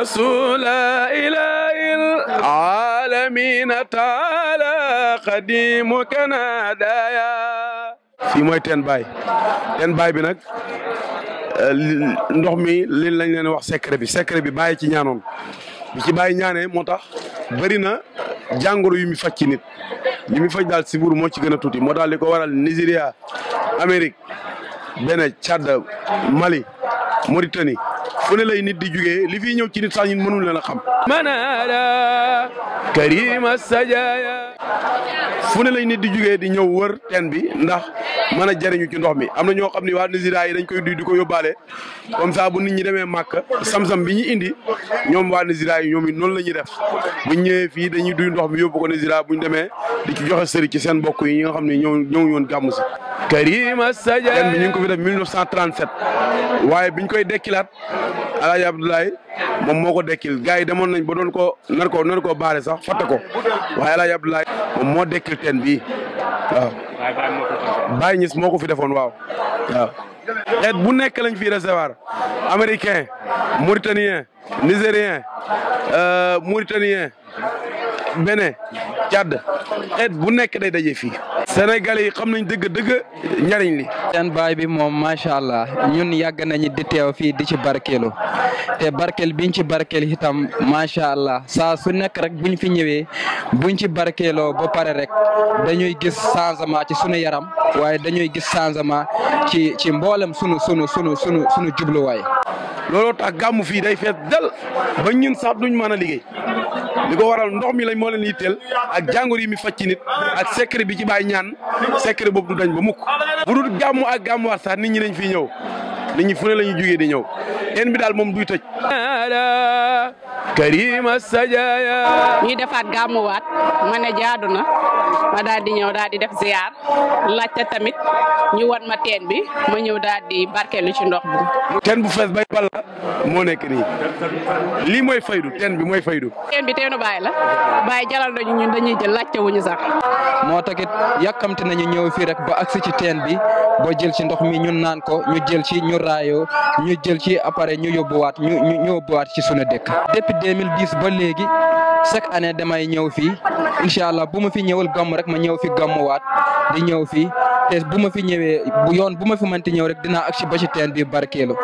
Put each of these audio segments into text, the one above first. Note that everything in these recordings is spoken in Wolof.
رسول إله العالمين تعالى قديمك نادايا fii mooy teen baay teen baay bi nag eh, ndox mi li lañ leen wax secret bi secret bi bàyyi ci ñaanoon bi ci bàyyi ñaanee moo tax bëri na jàngoro yu mi faj ci nit li mi faj daal siburu moo ci gën a tuuti moo daal li ko waral Nigeria Amérique Bénin Tchad Mali Mauritanie fu ne lay nit di jugee li fi ñëw ci nit sax ñun mënuñ leen a xam. fu ne lañ nit di jugee di ñëw wër teen bi ndax mën a jariñu ci ndox mi am na ñoo xam ni waa Nizira yi dañ koy duy di ko yóbbaale comme ça bu nit ñi demee màkk sam-sam bi ñu indi ñoom waa Nizira yi ñoom it noonu la ñuy def buñ ñëwee fii dañuy duy ndox mi yóbbu ko ne Nizira buñ demee di ci joxe sëri ci seen mbokk yi ñi nga xam ne ñëw ñëwuñu woon gàmmu si Karima Sadia teen bi ñu ngi ko fi def 1937 waaye biñ koy dekkilaat Alaaji Abdoulaye moom moo ko dekkil gars yi demoon nañ ba doon ko nar ko nar ko baare sax fatte ko waaye El Hadj Abdoulaye moom moo dekkil teen bii waaw. Baye moo ko fi defoon waaw waaw. xeet bu nekk lañ fi recevoir américain mauritanien nigérien euh, mauritanien Bénin Tchad xeet bu nekk day daje fii. Sénégalais yi xam nañ dëgg dëgg njariñ li. seen baay bi moom macha allah ñun yàgg nañu di teew fii di ci barkeelu te barkeel biñ ci barkeel itam macha allah saa su nekk rek buñ fi ñëwee buñ ci barkeeloo ba pare rek dañuy gis changement ci sunu yaram waaye dañuy gis changement ci ci mboolem sunu sunu sunu sunu sunu jubluwaay. looloo tax gàmmu fii day fees dal ba ñun sax duñ mën a liggéey. li ko waral ndox mi lañ moo leen yitteel ak jàngoro yi mi faj ci nit ak secret bi ci bàyyi ñaan secret boobu du dañ ba mukk bu dul gàmmu ak gàmmuwaat sax nit ñi nañ fii ñëw nit ñi fu ne la ñuy di ñëw teen bi daal moom duy tëj karima sajaya ñi defaat gàmmuwaat ma ne jaadu na ma daal di ñëw daal di def ziar laajte tamit ñu wan ma teen bi ma ñëw daal di barkeelu ci ndox bi. teen bu fees bay bal moo nekk nii lii mooy faydu teen bi mooy faydu. teen bi teenu baay la baay jalal nañu ñun dañuy jël laajte wuñu sax. moo taxit yàkkamti nañu ñëw fii rek ba agsi ci teen bi boo jël ci ndox mi ñu naan ko ñu jël ci ñu raayoo ñu jël ci appareil ñu yóbbuwaat ñu ñu yóbbuwaat ci sunu dëkk. depuis 2010 ba léegi. chaque année damay ñëw fii incha allah bu ma fi ñëwul gàmm rek ma ñëw fi gàmmuwaat di ñëw fii te bu ma fi ñëwee bu yoon bu ma fi mënti ñëw rek dinaa ak si ba ci teen bi barkeelu.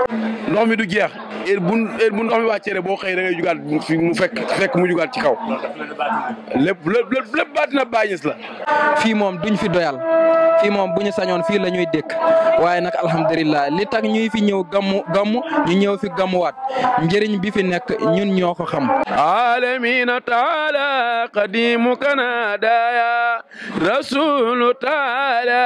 ndox mi du jeex heure bu heure bu ndox mi wàccee rek boo xëy da ngay jugaat mu fekk fekk mu jugaat ci kaw lépp lépp lépp baatina la. fii moom duñ fi doyal. fii moom bu ñu sañoon fii la ñuy dékk waaye nag alhamdulillah li tax ñuy fi ñëw gammu gammu ñu ñëw fi gammuwaat njëriñ bi fi nekk ñun ñoo ko xam alamina taala qadimu kanadaya rasulu taala